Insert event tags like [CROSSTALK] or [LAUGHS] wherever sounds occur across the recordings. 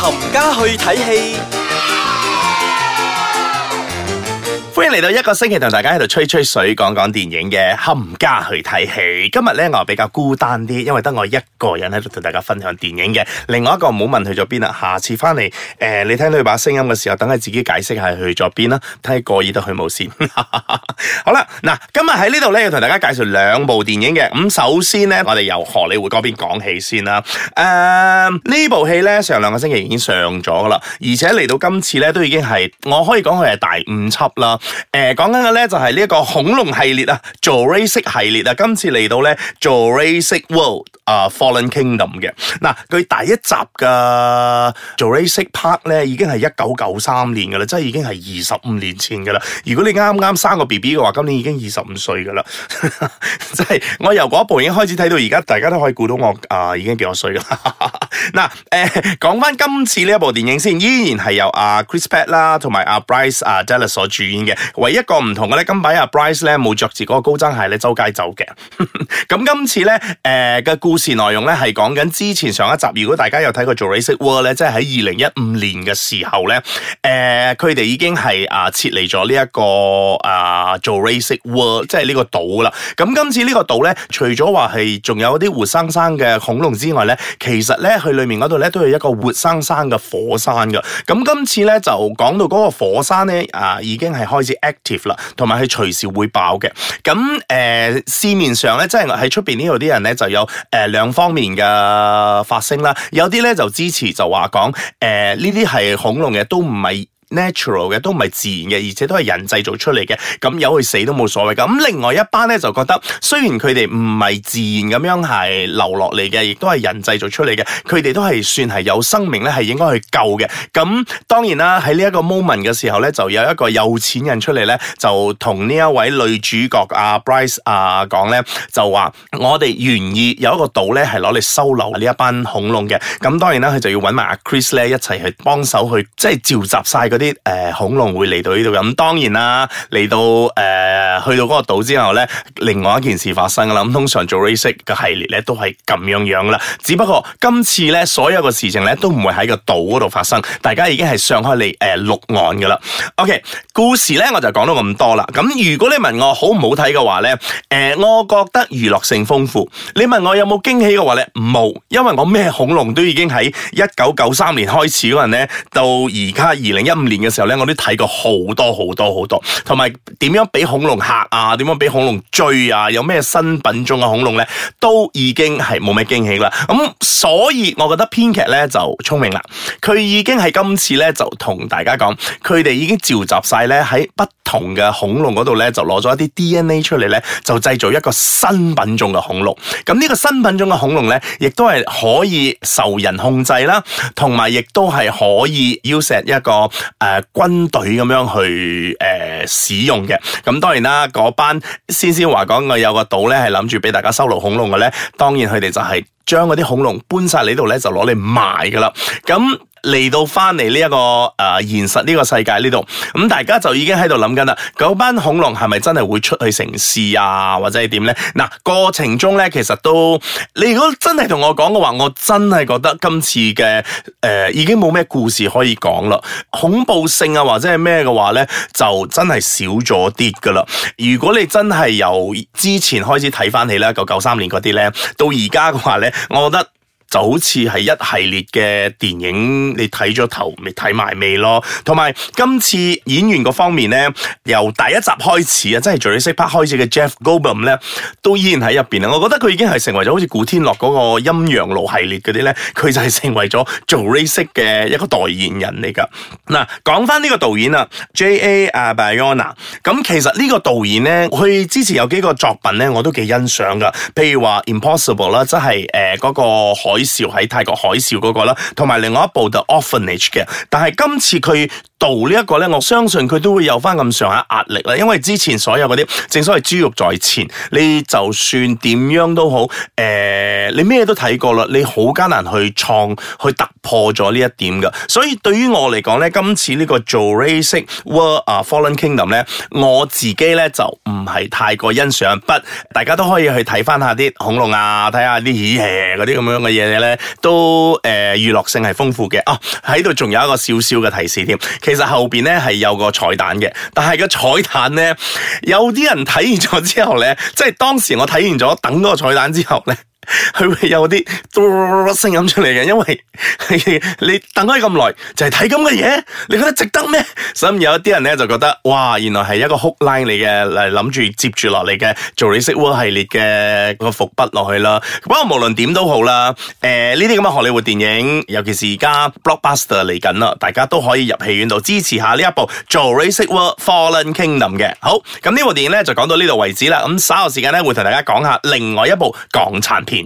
冚家去睇戲。歡迎嚟到一個星期同大家喺度吹吹水、講講電影嘅冚家去睇戲。今日咧我比較孤單啲，因為得我一個人喺度同大家分享電影嘅。另外一個唔好問去咗邊啦，下次翻嚟，誒，你聽到佢把聲音嘅時候，等佢自己解釋下去咗邊啦，睇下過意得去冇先。 [LAUGHS] 好啦，嗱，今日喺呢度咧要同大家介紹兩部電影嘅。咁首先咧，我哋由荷里活嗰邊講起先啦。誒、呃，部呢部戲咧上兩個星期已經上咗噶啦，而且嚟到今次咧都已經係我可以講佢係第五輯啦。誒，講緊嘅咧就係呢個恐龍系列啊，Jurassic 系列啊，今次嚟到咧 Jurassic World。啊、uh，Fallen Kingdom 嘅嗱，佢、nah, 第一集嘅 Jurassic Park 咧，已經係一九九三年嘅啦，即係已經係二十五年前嘅啦。如果你啱啱生個 BB 嘅話，今年已經二十五歲嘅啦。即 [LAUGHS] 係、就是、我由嗰一部已經開始睇到而家，大家都可以估到我啊、呃、已經幾多歲啦。嗱、 [LAUGHS] nah, 呃，誒講翻今次呢一部電影先，依然係由阿、啊、Chris Pratt 啦，同埋阿 Bryce 啊 Dallas 所主演嘅。唯一個唔同嘅咧，今擺、啊、阿 Bryce 咧冇着住嗰個高踭鞋咧，周街走嘅。咁 [LAUGHS] 今次咧，誒、呃、嘅故事內容咧係講緊之前上一集，如果大家有睇過 Jurassic World 咧，即係喺二零一五年嘅時候咧，誒佢哋已經係啊撤離咗呢一個啊 Jurassic World，即係呢個島啦。咁今次呢個島咧，除咗話係仲有啲活生生嘅恐龍之外咧，其實咧佢裏面嗰度咧都係一個活生生嘅火山嘅。咁今次咧就講到嗰個火山咧啊，已經係開始 active 啦，同埋佢隨時會爆嘅。咁誒、呃、市面上咧，即係喺出邊呢度啲人咧就有誒、呃兩方面嘅發聲啦，有啲咧就支持，就話講，誒呢啲係恐龍嘅，都唔係，natural 嘅都唔係自然嘅，而且都係人製造出嚟嘅。咁由佢死都冇所謂，咁另外一班咧就覺得，雖然佢哋唔係自然咁樣係留落嚟嘅，亦都係人製造出嚟嘅，佢哋都係算係有生命咧，係應該去救嘅。咁當然啦，喺呢一個 moment 嘅時候咧，就有一個有錢人出嚟咧，就同呢一位女主角阿、啊、Bryce 啊講咧，就話我哋願意有一個島咧，係攞嚟收留呢一班恐龍嘅。咁當然啦，佢就要揾埋阿 Chris 咧一齊去幫手去，即係召集晒、嗰個啲誒、嗯、恐龍會嚟到呢度，咁當然啦，嚟到誒、呃、去到嗰個島之後咧，另外一件事發生啦。咁通常 Jurassic 嘅系列咧都係咁樣樣啦，只不過今次咧所有嘅事情咧都唔會喺個島嗰度發生，大家已經係上開嚟誒陸岸噶啦。OK，故事咧我就講到咁多啦。咁如果你問我好唔好睇嘅話咧，誒、呃，我覺得娛樂性豐富。你問我有冇驚喜嘅話咧，冇，因為我咩恐龍都已經喺一九九三年開始嗰陣咧，到而家二零一五。年嘅時候咧，我都睇過好多好多好多，同埋點樣俾恐龍嚇啊？點樣俾恐龍追啊？有咩新品種嘅恐龍咧？都已經係冇咩驚喜啦。咁、嗯、所以我覺得編劇咧就聰明啦，佢已經喺今次咧就同大家講，佢哋已經召集晒咧喺不同嘅恐龍嗰度咧，就攞咗一啲 DNA 出嚟咧，就製造一個新品種嘅恐龍。咁、嗯、呢、這個新品種嘅恐龍咧，亦都係可以受人控制啦，同埋亦都係可以 use 一個。誒、呃，軍隊咁樣去誒、呃、使用嘅，咁當然啦，嗰班先先話講，我有個島咧，係諗住俾大家收留恐龍嘅咧，當然佢哋就係將嗰啲恐龍搬晒嚟呢度咧，就攞嚟賣噶啦，咁。嚟到翻嚟呢一個誒現實呢個世界呢度，咁大家就已經喺度諗緊啦。嗰班恐龍係咪真係會出去城市啊，或者係點呢？嗱，過程中呢，其實都你如果真係同我講嘅話，我真係覺得今次嘅誒、呃、已經冇咩故事可以講啦。恐怖性啊，或者係咩嘅話呢，就真係少咗啲噶啦。如果你真係由之前開始睇翻起咧，一九九三年嗰啲呢，到而家嘅話呢，我覺得。就好似係一系列嘅電影，你睇咗頭咪睇埋尾咯。同埋今次演員個方面咧，由第一集開始啊，即係《Jurassic Park》開始嘅 Jeff Goldblum 咧，都依然喺入邊啊，我覺得佢已經係成為咗好似古天樂嗰個《陰陽路》系列嗰啲咧，佢就係成為咗《Jurassic》嘅一個代言人嚟㗎。嗱，講翻呢個導演啦，J. A. 啊 Bayona，咁其實呢個導演咧，佢之前有幾個作品咧，我都幾欣賞噶。譬如話 Impossible 啦，即係誒嗰個海。那個海嘯喺泰國海嘯嗰、那個啦，同埋另外一部就《Orphanage》嘅，但係今次佢。到呢一個呢，我相信佢都會有翻咁上下壓力啦，因為之前所有嗰啲，正所謂豬肉在前，你就算點樣都好，誒、呃，你咩都睇過啦，你好艱難去創去突破咗呢一點㗎。所以對於我嚟講呢，今次呢個做 Jurassic World 啊 Fallen Kingdom 呢，我自己呢就唔係太過欣賞。不，大家都可以去睇翻下啲恐龍啊，睇下啲野嗰啲咁樣嘅嘢咧，都誒、呃、娛樂性係豐富嘅。啊喺度仲有一個少少嘅提示添。其實後面咧係有個彩蛋嘅，但係個彩蛋呢，有啲人睇完咗之後呢，即係當時我睇完咗等嗰個彩蛋之後呢。佢會 [LAUGHS] 有啲嘟嘟聲音出嚟嘅，因為你等開咁耐就係睇咁嘅嘢，你覺得值得咩？所以有一啲人咧就覺得，哇，原來係一個 hook line 嚟嘅，嚟諗住接住落嚟嘅，《Jurassic World》系列嘅個伏筆落去啦。不過無論點都好啦，誒，呢啲咁嘅荷里活電影，尤其是而家 blockbuster 嚟緊啦，大家都可以入戲院度支持下呢一部《Jurassic World Fallen Kingdom》嘅。好，咁呢部電影咧就講到呢度為止啦。咁稍後時間咧會同大家講下另外一部港產片。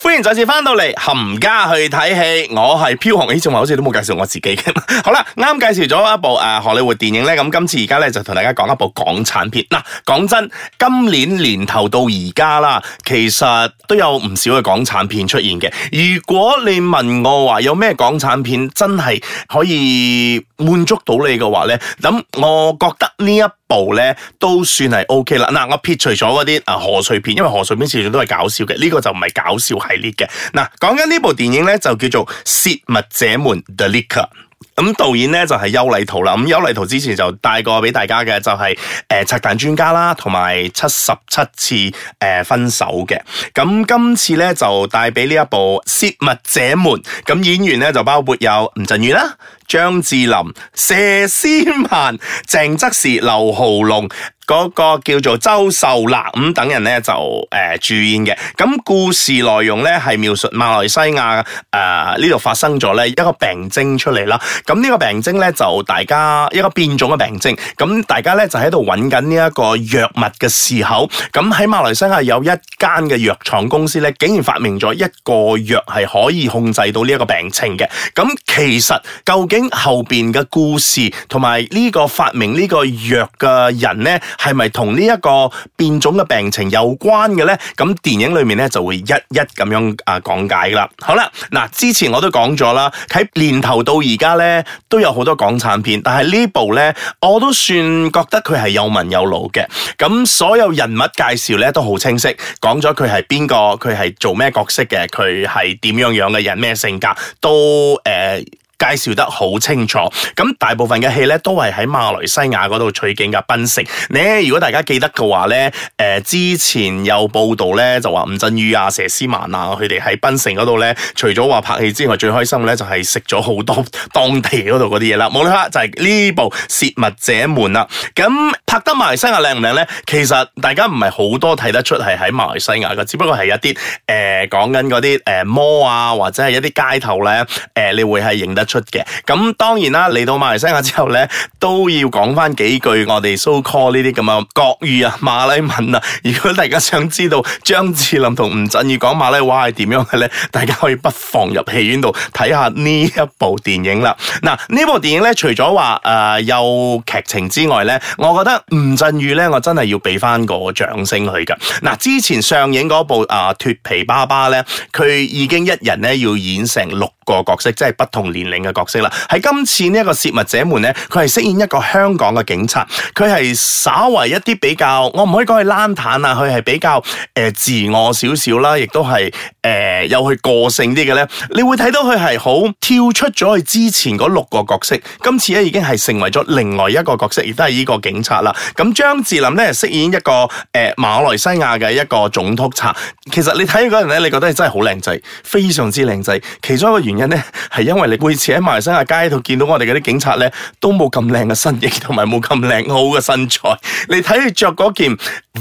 歡迎再次翻到嚟，冚家去睇戲。我係飄紅呢，仲話好似都冇介紹我自己嘅。 [LAUGHS] 好啦，啱介紹咗一部誒荷里活電影呢，咁今次而家呢，就同大家講一部港產片。嗱、啊，講真，今年年頭到而家啦，其實都有唔少嘅港產片出現嘅。如果你問我話有咩港產片真係可以滿足到你嘅話呢，咁我覺得呢一。部咧都算係 O K 啦，嗱、啊、我撇除咗嗰啲啊賀歲片，因為賀歲片始終都係搞笑嘅，呢、這個就唔係搞笑系列嘅。嗱、啊，講緊呢部電影咧就叫做《泄密者們》（The Leakers）。咁導演咧就係邱禮濤啦。咁邱禮濤之前就帶過俾大家嘅就係、是、誒、呃、拆彈專家啦，同埋七十七次誒、呃、分手嘅。咁今次咧就帶俾呢一部《泄密者們》。咁演員咧就包括有吳鎮宇啦、張智霖、佘詩曼、鄭則仕、劉浩龍。嗰個叫做周秀娜咁等人咧就誒、呃、主演嘅，咁故事內容咧係描述馬來西亞誒呢度發生咗咧一個病徵出嚟啦，咁呢個病徵咧就大家一個變種嘅病徵，咁大家咧就喺度揾緊呢一個藥物嘅時候，咁喺馬來西亞有一間嘅藥廠公司咧，竟然發明咗一個藥係可以控制到呢一個病情嘅，咁其實究竟後面嘅故事同埋呢個發明呢個藥嘅人咧？係咪同呢一個變種嘅病情有關嘅呢？咁電影裏面咧就會一一咁樣啊講解啦。好啦，嗱，之前我都講咗啦，喺年頭到而家呢，都有好多港產片，但係呢部呢，我都算覺得佢係有文有腦嘅。咁所有人物介紹呢，都好清晰，講咗佢係邊個，佢係做咩角色嘅，佢係點樣樣嘅人，咩性格都誒。呃介紹得好清楚，咁大部分嘅戲咧都係喺馬來西亞嗰度取景嘅檳城。你如果大家記得嘅話咧，誒、呃、之前有報道咧，就話吳鎮宇啊、佘詩曼啊，佢哋喺檳城嗰度咧，除咗話拍戲之外，最開心咧就係食咗好多當地嗰度嗰啲嘢啦。冇啦啦就係、是、呢部《泄密者們》啦。咁拍得馬來西亞靚唔靚咧？其實大家唔係好多睇得出係喺馬來西亞嘅，只不過係一啲誒講緊嗰啲誒魔啊，或者係一啲街頭咧、呃，你會係認得。出嘅咁，當然啦，嚟到馬來西亞之後呢，都要講翻幾句我哋 so call 呢啲咁嘅國語啊馬來文啊。如果大家想知道張智霖同吳鎮宇講馬來話係點樣嘅呢，大家可以不妨入戲院度睇下呢一部電影啦。嗱、啊，呢部電影呢，除咗話誒有劇情之外呢，我覺得吳鎮宇呢，我真係要俾翻個掌聲佢噶。嗱、啊，之前上映嗰部啊脱皮爸爸呢，佢已經一人呢要演成六。個角色，即係不同年齡嘅角色啦。喺今次呢一個泄密者們呢，佢係飾演一個香港嘅警察。佢係稍為一啲比較，我唔可以講係冷淡啊。佢係比較誒、呃、自我少少啦，亦都係誒、呃、有佢個性啲嘅，呢你會睇到佢係好跳出咗佢之前嗰六個角色，今次咧已經係成為咗另外一個角色，亦都係呢個警察啦。咁張智霖呢，飾演一個誒、呃、馬來西亞嘅一個總督察。其實你睇嗰人咧，你覺得真係好靚仔，非常之靚仔。其中一個原因人咧，係因為你每次喺馬來西亞街度見到我哋嗰啲警察咧，都冇咁靚嘅身型，同埋冇咁靚好嘅身材。你睇佢著嗰件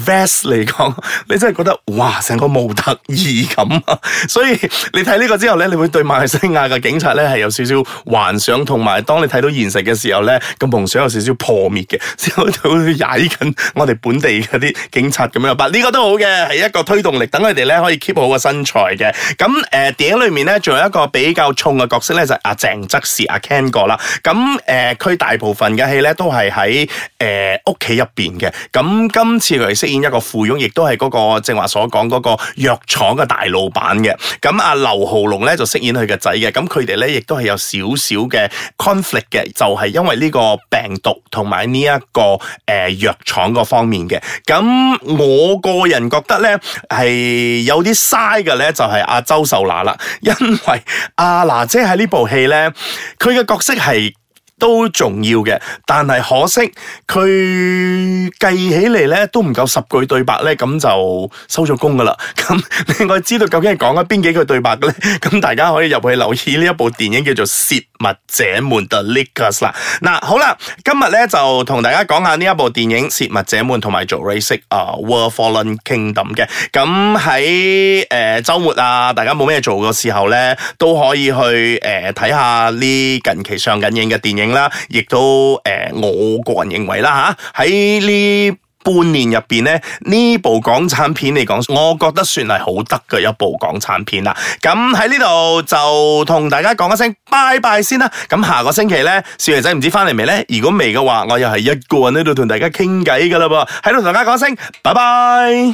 vest 嚟講，你真係覺得哇，成個模特兒咁。所以你睇呢個之後咧，你會對馬來西亞嘅警察咧係有少少幻想，同埋當你睇到現實嘅時候咧，咁夢想有少少破滅嘅，就會好似踩緊我哋本地嗰啲警察咁樣啦。呢個都好嘅，係一個推動力，等佢哋咧可以 keep 好個身材嘅。咁誒電影裏面咧仲有一個比較。較重嘅角色咧就阿鄭則仕阿 Ken 哥啦，咁誒佢大部分嘅戲咧都係喺誒屋企入邊嘅，咁今次佢飾演一個富翁，亦都係嗰個正話所講嗰個藥廠嘅大老闆嘅，咁阿劉浩龍咧就飾演佢嘅仔嘅，咁佢哋咧亦都係有少少嘅 conflict 嘅，就係因為呢個病毒同埋呢一個誒藥廠個方面嘅，咁我個人覺得咧係有啲嘥嘅咧就係阿周秀娜啦，因為阿啊！嗱，即係呢部戲咧，佢嘅角色係，都重要嘅，但係可惜佢計起嚟咧都唔夠十句對白咧，咁就收咗工噶啦。咁另外知道究竟係講緊邊幾句對白嘅咧？咁大家可以入去留意呢一部電影叫做《洩密者們》The Leakers 啦。嗱，好啦，今日咧就同大家講下呢一部電影《洩密者們》同埋《Jurassic》啊《World Fallen Kingdom》嘅。咁喺誒周末啊，大家冇咩做嘅時候咧，都可以去誒睇下呢近期上緊映嘅電影。啦，亦都誒、呃，我個人認為啦嚇，喺呢半年入邊咧，呢部港產片嚟講，我覺得算係好得嘅一部港產片啦。咁喺呢度就同大家講一聲拜拜先啦。咁下個星期呢，小肥仔唔知翻嚟未呢？如果未嘅話，我又係一個人喺度同大家傾偈㗎啦噃。喺度同大家講一聲拜拜。